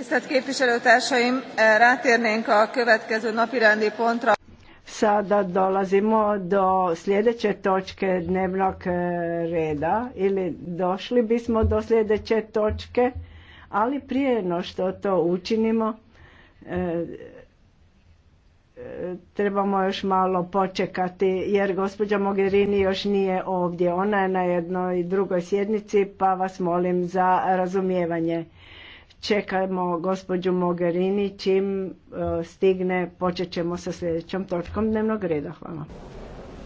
Tisztelt képviselőtársaim, eh, rátérnénk a következő napirendi pontra. Sada dolazimo do sljedeće točke dnevnog eh, reda ili došli bismo do sljedeće točke, ali prije no što to učinimo eh, trebamo još malo počekati jer gospođa Mogherini još nije ovdje. Ona je na jednoj drugoj sjednici pa vas molim za razumijevanje. Čekajmo gospođu Mogherini, čim e, stigne počet ćemo sa sljedećom točkom dnevnog reda. Hvala.